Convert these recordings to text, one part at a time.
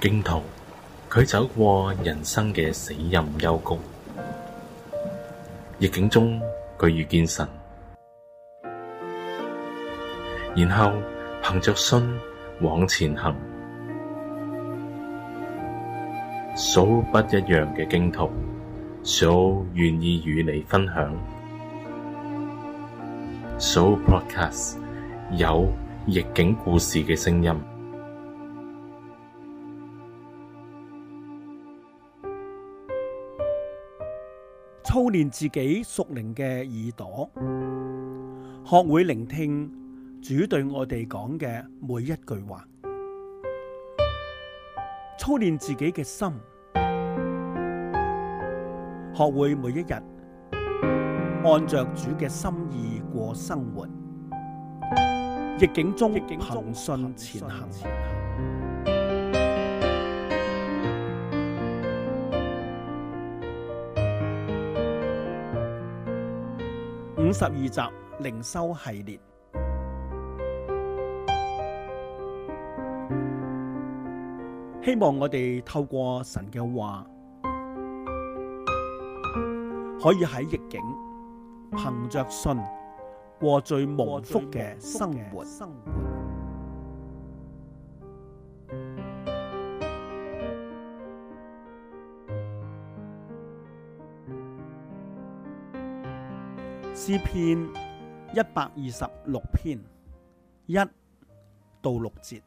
荊徒，佢走過人生嘅死蔭幽谷，逆境中佢遇見神，然後憑着信往前行。Sooo 不一樣嘅荊徒，Sooo 願意與你分享。Sooopodcast 有逆境故事嘅聲音。操練自己熟靈嘅耳朵，學會聆聽主對我哋講嘅每一句話；操練自己嘅心，學會每一日按着主嘅心意過生活。逆境中，憑信前行。五十二集靈修系列，希望我哋透過神嘅話，可以喺逆境，憑着信過最蒙福嘅生活。詩篇一百二十六篇一到六節，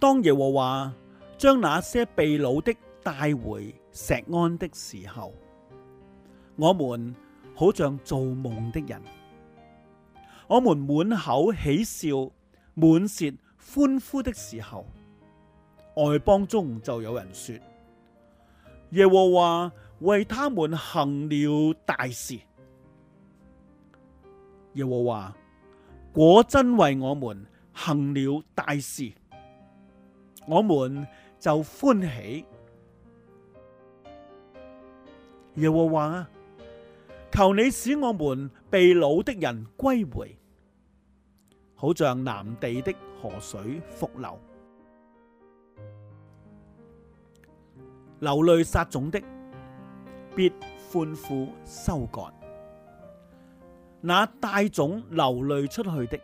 當耶和華將那些被擄的帶回石安的時候，我們好像做夢的人；我們滿口喜笑，滿舌歡呼的時候，外邦中就有人說：耶和華。為他們行了大事，耶和華果真為我們行了大事，我們就歡喜。耶和華，求你使我們被擄的人歸回，好像南地的河水復流，流淚撒種的。必歡呼收割，那帶種流淚出去的，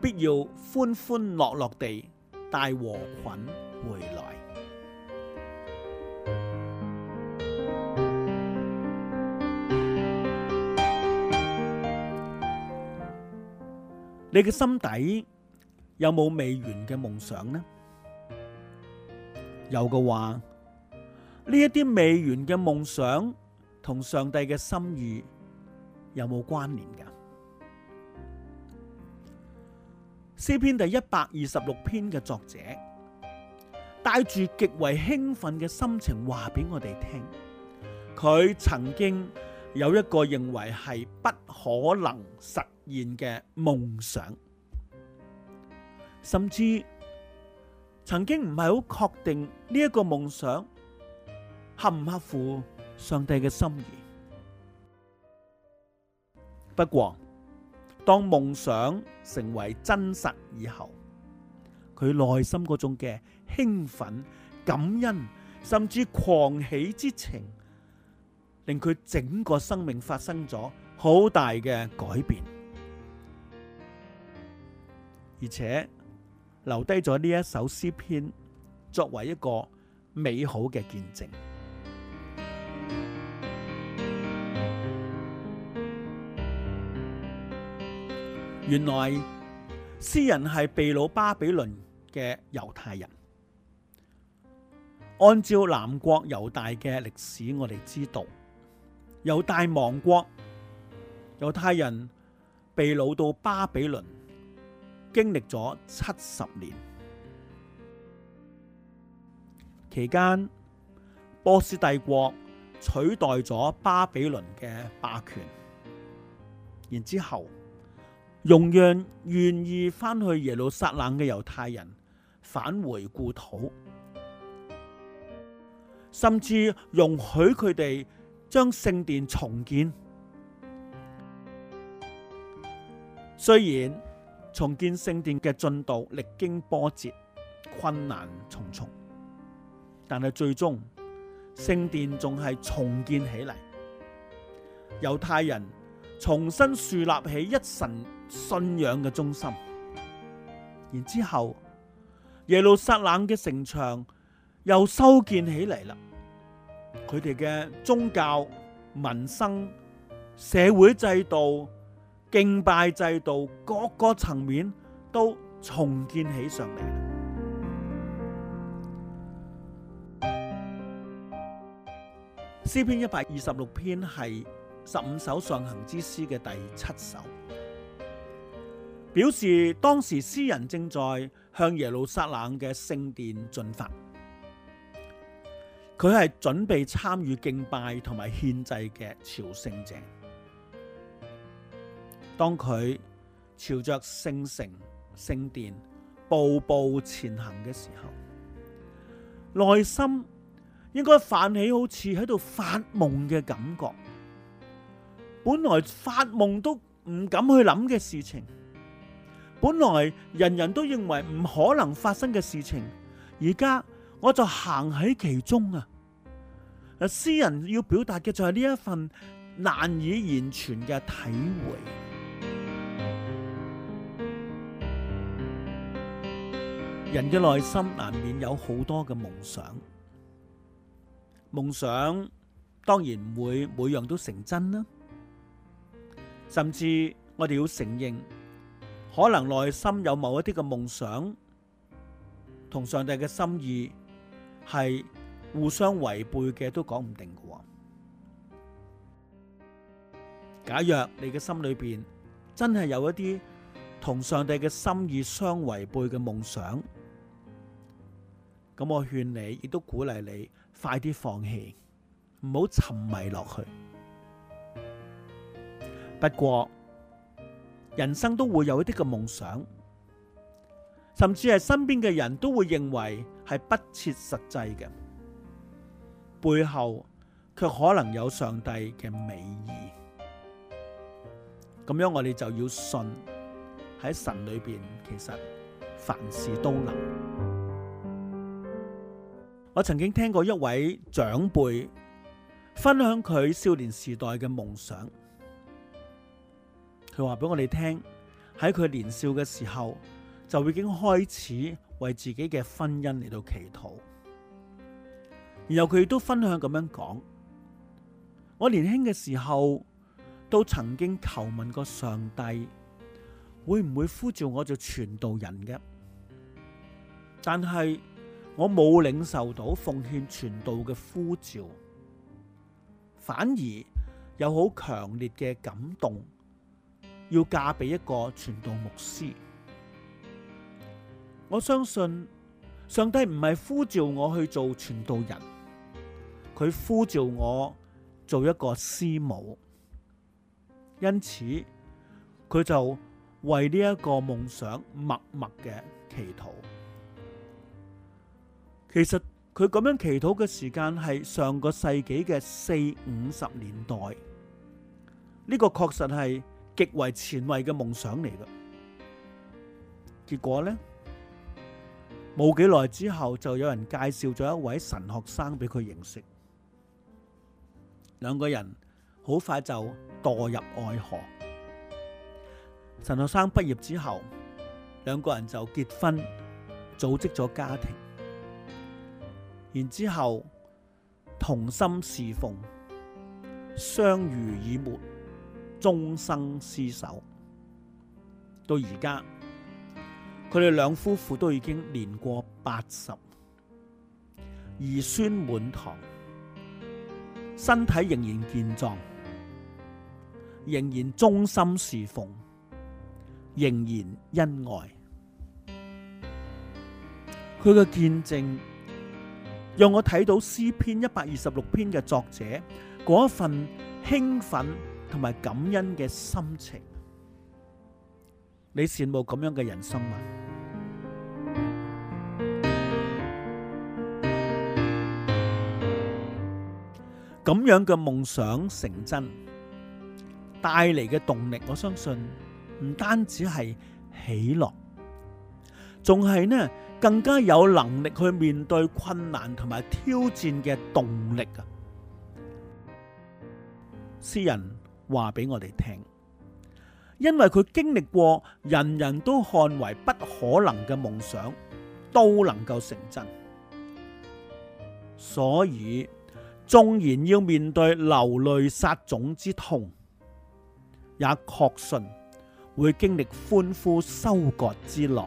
必要歡歡樂樂地帶禾捆回來。你嘅心底有冇未完嘅夢想呢？有嘅話，呢一啲未完嘅夢想同上帝嘅心意有冇關聯噶？詩篇第一百二十六篇嘅作者帶住極為興奮嘅心情話俾我哋聽，佢曾經有一個認為係不可能實現嘅夢想，甚至曾經唔係好確定呢一個夢想。合唔合乎上帝嘅心意？不過，當夢想成為真實以後，佢內心嗰種嘅興奮、感恩，甚至狂喜之情，令佢整個生命發生咗好大嘅改變。而且留低咗呢一首詩篇，作為一個美好嘅見證。原來詩人係被擄巴比倫嘅猶太人。按照南國猶大嘅歷史，我哋知道猶大亡國，猶太人被擄到巴比倫，經歷咗七十年。期間，波斯帝國取代咗巴比倫嘅霸權，然之後，容讓願意翻去耶路撒冷嘅猶太人返回故土，甚至容許佢哋將聖殿重建。雖然重建聖殿嘅進度歷經波折，困難重重，但係最終聖殿仲係重建起嚟，猶太人重新樹立起一神。信仰嘅中心，然之後耶路撒冷嘅城牆又修建起嚟啦。佢哋嘅宗教、民生、社會制度、敬拜制度，各個層面都重建起上嚟。詩篇一百二十六篇係十五首上行之詩嘅第七首。表示當時詩人正在向耶路撒冷嘅聖殿進發，佢係準備參與敬拜同埋獻祭嘅朝聖者。當佢朝着聖城、聖殿步步前行嘅時候，內心應該泛起好似喺度發夢嘅感覺。本來發夢都唔敢去諗嘅事情。本來人人都認為唔可能發生嘅事情，而家我就行喺其中啊！詩人要表達嘅就係呢一份難以言傳嘅體會。人嘅內心難免有好多嘅夢想，夢想當然唔會每樣都成真啦。甚至我哋要承認。可能內心有某一啲嘅夢想，同上帝嘅心意係互相違背嘅，都講唔定嘅。假若你嘅心裏面真係有一啲同上帝嘅心意相違背嘅夢想，咁我勸你，亦都鼓勵你，快啲放棄，唔好沉迷落去。不過，人生都會有一啲嘅夢想，甚至係身邊嘅人都會認為係不切實際嘅，背後卻可能有上帝嘅美意。咁樣我哋就要信喺神裏面，其實凡事都能。我曾經聽過一位長輩分享佢少年時代嘅夢想。佢話俾我哋聽，喺佢年少嘅時候就已經開始為自己嘅婚姻嚟到祈禱。然後佢亦都分享咁樣講：我年輕嘅時候都曾經求問過上帝，會唔會呼召我做傳道人嘅？但係我冇領受到奉獻傳道嘅呼召，反而有好強烈嘅感動。要嫁俾一個傳道牧師，我相信上帝唔係呼召我去做傳道人，佢呼召我做一個師母，因此佢就為呢一個夢想默默嘅祈禱。其實佢咁樣祈禱嘅時間係上個世紀嘅四五十年代，呢個確實係極為前衛嘅夢想嚟嘅，結果呢，冇幾耐之後就有人介紹咗一位神學生俾佢認識，兩個人好快就墮入愛河。神學生畢業之後，兩個人就結婚，組織咗家庭，然之後同心侍奉，相濡以沫。終生廝守到而家，佢哋兩夫婦都已經年過八十，兒孫滿堂，身體仍然健壯，仍然忠心侍奉，仍然恩愛。佢嘅見證讓我睇到詩篇一百二十六篇嘅作者嗰份興奮。同埋感恩嘅心情，你羨慕咁樣嘅人生嗎？咁樣嘅夢想成真，帶嚟嘅動力，我相信唔單止係喜樂，仲係呢更加有能力去面對困難同埋挑戰嘅動力啊！詩人，話俾我哋聽，因為佢經歷過人人都看為不可能嘅夢想都能夠成真，所以縱然要面對流淚撒種之痛，也確信會經歷歡呼收割之樂。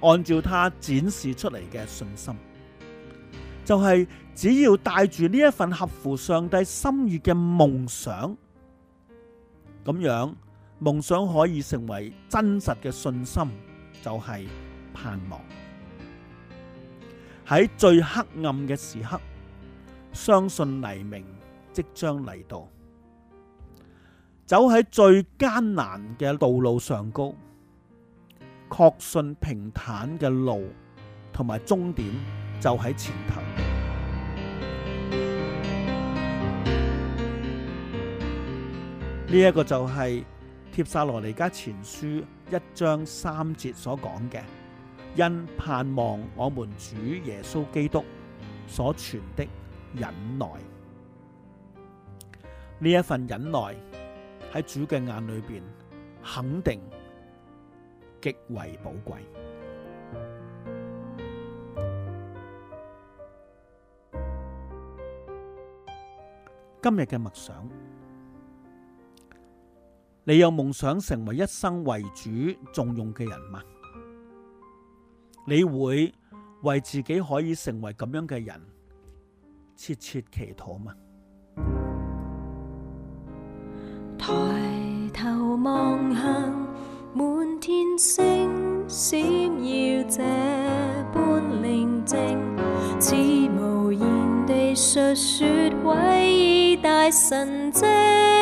按照他展示出嚟嘅信心。就係只要帶住呢一份合乎上帝心意嘅夢想，咁樣夢想可以成為真實嘅信心，就係盼望。喺最黑暗嘅時刻，相信黎明即將嚟到；走喺最艱難嘅道路上高，確信平坦嘅路同埋終點就喺前頭。呢、這、一個就係、是、帖撒羅尼加前書一章三節所講嘅，因盼望我們主耶穌基督所存的忍耐，呢一份忍耐喺主嘅眼裏邊肯定極為寶貴。今日嘅默想。你有夢想成為一生為主重用嘅人嗎？你會為自己可以成為咁樣嘅人，切切祈禱嗎？抬頭望向滿天星閃耀，這般寧靜，似無言地述說偉大神蹟。